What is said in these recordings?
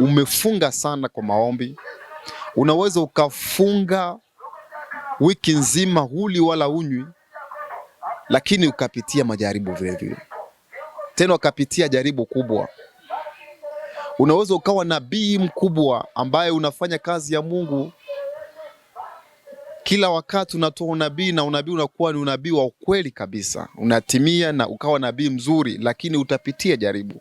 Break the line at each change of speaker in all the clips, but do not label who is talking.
umefunga sana kwa maombi, unaweza ukafunga wiki nzima huli wala unywi, lakini ukapitia majaribu vilevile, tena ukapitia jaribu kubwa. Unaweza ukawa nabii mkubwa ambaye unafanya kazi ya Mungu kila wakati, unatoa unabii na unabii unakuwa ni unabii wa ukweli kabisa, unatimia na ukawa nabii mzuri, lakini utapitia jaribu.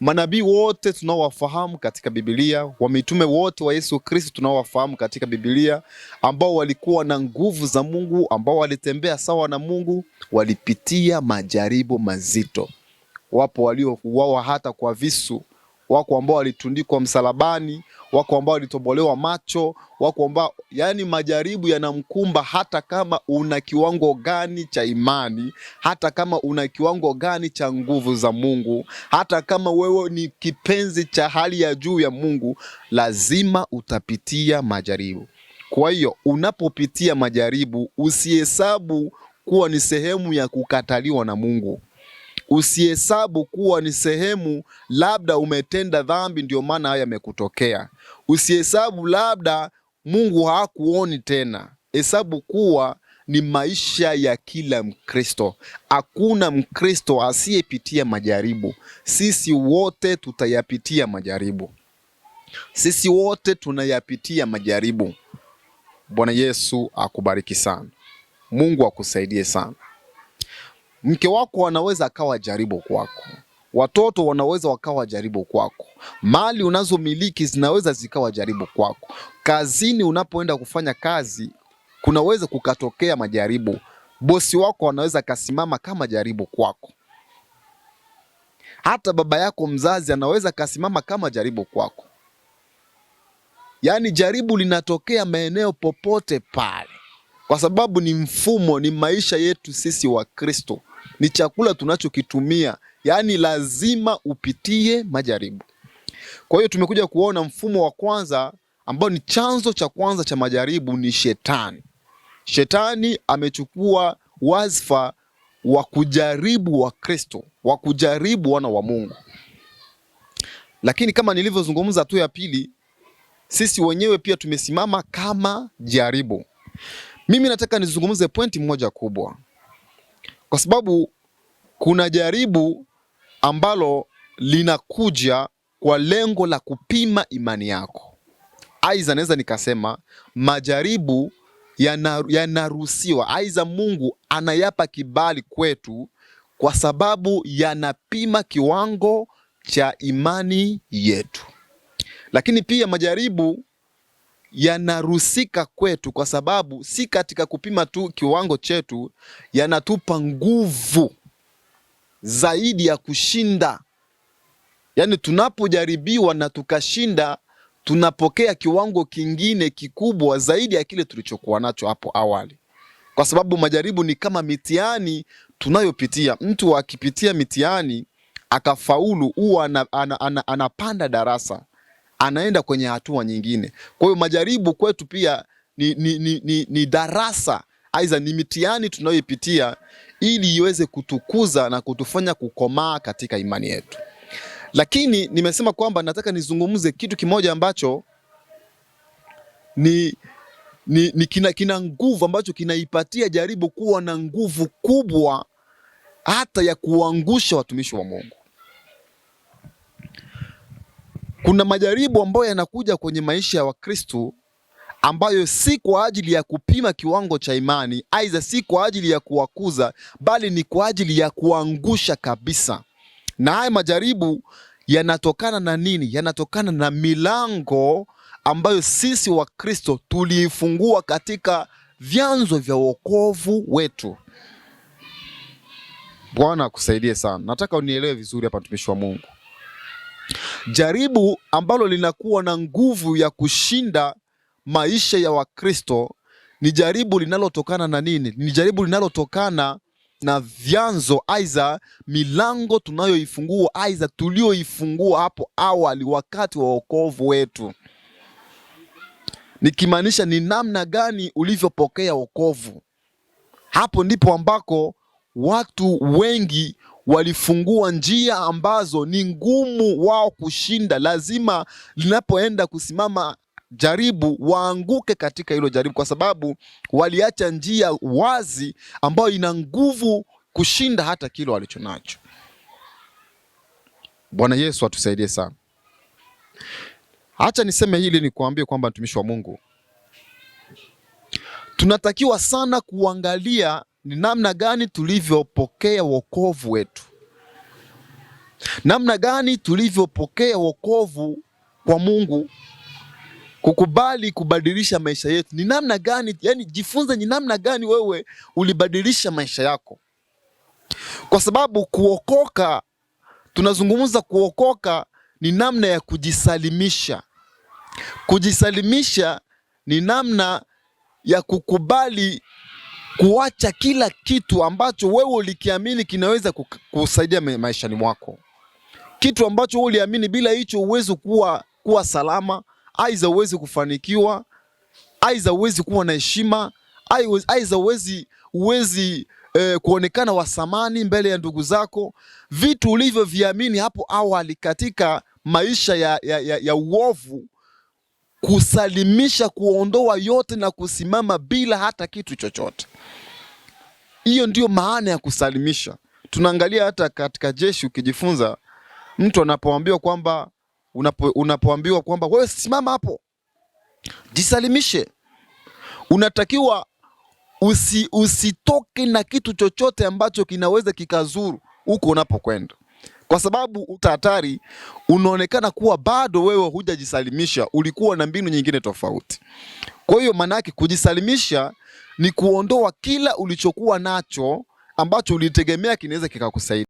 Manabii wote tunaowafahamu katika Biblia, wa mitume wote wa Yesu Kristo tunaowafahamu katika Biblia, ambao walikuwa na nguvu za Mungu, ambao walitembea sawa na Mungu, walipitia majaribu mazito. Wapo waliouawa hata kwa visu, wako ambao walitundikwa msalabani, wako ambao walitobolewa macho, wako ambao yani, majaribu yanamkumba hata kama una kiwango gani cha imani, hata kama una kiwango gani cha nguvu za Mungu, hata kama wewe ni kipenzi cha hali ya juu ya Mungu, lazima utapitia majaribu. Kwa hiyo unapopitia majaribu usihesabu kuwa ni sehemu ya kukataliwa na Mungu. Usihesabu kuwa ni sehemu labda umetenda dhambi ndio maana haya yamekutokea. Usihesabu labda Mungu hakuoni tena. Hesabu kuwa ni maisha ya kila Mkristo. Hakuna Mkristo asiyepitia majaribu. Sisi wote tutayapitia majaribu, sisi wote tunayapitia majaribu. Bwana Yesu akubariki sana, Mungu akusaidie sana mke wako wanaweza akawa jaribu kwako, watoto wanaweza wakawa jaribu kwako, mali unazomiliki zinaweza zikawa jaribu kwako, kazini unapoenda kufanya kazi kunaweza kukatokea majaribu. Bosi wako anaweza kasimama kama jaribu kwako, hata baba yako mzazi anaweza kasimama kama jaribu kwako. Yaani jaribu linatokea maeneo popote pale, kwa sababu ni mfumo, ni maisha yetu sisi wa kristo ni chakula tunachokitumia, yaani lazima upitie majaribu. Kwa hiyo tumekuja kuona mfumo wa kwanza ambao ni chanzo cha kwanza cha majaribu ni shetani. Shetani amechukua wazifa wa kujaribu Wakristo, wa kujaribu wana wa Mungu. Lakini kama nilivyozungumza tu ya pili, sisi wenyewe pia tumesimama kama jaribu. Mimi nataka nizungumze pointi moja kubwa kwa sababu kuna jaribu ambalo linakuja kwa lengo la kupima imani yako. Aidha, naweza nikasema majaribu yanaruhusiwa, yana aidha, Mungu anayapa kibali kwetu kwa sababu yanapima kiwango cha imani yetu, lakini pia majaribu yanarusika kwetu, kwa sababu si katika kupima tu kiwango chetu, yanatupa nguvu zaidi ya kushinda. Yaani tunapojaribiwa na tukashinda, tunapokea kiwango kingine kikubwa zaidi ya kile tulichokuwa nacho hapo awali, kwa sababu majaribu ni kama mitihani tunayopitia. Mtu akipitia mitihani akafaulu, huwa anapanda darasa anaenda kwenye hatua nyingine. Kwa hiyo majaribu kwetu pia ni, ni, ni, ni, ni darasa aidha ni mitihani tunayoipitia ili iweze kutukuza na kutufanya kukomaa katika imani yetu. Lakini nimesema kwamba nataka nizungumze kitu kimoja ambacho ni, ni, ni kina, kina nguvu ambacho kinaipatia jaribu kuwa na nguvu kubwa hata ya kuangusha watumishi wa Mungu. Kuna majaribu ambayo yanakuja kwenye maisha ya Wakristo ambayo si kwa ajili ya kupima kiwango cha imani, aidha si kwa ajili ya kuwakuza, bali ni kwa ajili ya kuangusha kabisa. Na haya majaribu yanatokana na nini? Yanatokana na milango ambayo sisi Wakristo tuliifungua katika vyanzo vya wokovu wetu. Bwana akusaidie sana. Nataka unielewe vizuri hapa, mtumishi wa Mungu jaribu ambalo linakuwa na nguvu ya kushinda maisha ya Wakristo ni jaribu linalotokana na nini? Ni jaribu linalotokana na vyanzo, aidha milango tunayoifungua, aidha tulioifungua hapo awali wakati wa wokovu wetu, nikimaanisha ni namna gani ulivyopokea wokovu. Hapo ndipo ambako watu wengi walifungua njia ambazo ni ngumu wao kushinda. Lazima linapoenda kusimama jaribu waanguke katika hilo jaribu, kwa sababu waliacha njia wazi ambayo ina nguvu kushinda hata kile walichonacho. Bwana Yesu atusaidie sana. Acha niseme hili, nikuambie kwamba mtumishi wa Mungu, tunatakiwa sana kuangalia ni namna gani tulivyopokea wokovu wetu, namna gani tulivyopokea wokovu kwa Mungu, kukubali kubadilisha maisha yetu ni namna gani? Yani jifunze ni namna gani wewe ulibadilisha maisha yako, kwa sababu kuokoka, tunazungumza kuokoka ni namna ya kujisalimisha. Kujisalimisha ni namna ya kukubali kuacha kila kitu ambacho wewe ulikiamini kinaweza kusaidia maishani mwako, kitu ambacho wewe uliamini bila hicho uwezi kuwa, kuwa salama, aiza uwezi kufanikiwa, aiza uwezi kuwa na heshima, aiza uwezi uwezi eh, kuonekana wa thamani mbele ya ndugu zako. Vitu ulivyoviamini hapo awali katika maisha ya, ya, ya, ya uovu kusalimisha, kuondoa yote na kusimama bila hata kitu chochote. Hiyo ndio maana ya kusalimisha. Tunaangalia hata katika jeshi, ukijifunza mtu anapoambiwa kwamba unapo, unapoambiwa kwamba wewe simama hapo, jisalimishe, unatakiwa usi, usitoke na kitu chochote ambacho kinaweza kikazuru huko unapokwenda kwa sababu utahatari unaonekana kuwa bado wewe hujajisalimisha, ulikuwa na mbinu nyingine tofauti. Kwa hiyo maana yake kujisalimisha ni kuondoa kila ulichokuwa nacho ambacho ulitegemea kinaweza kikakusaidia.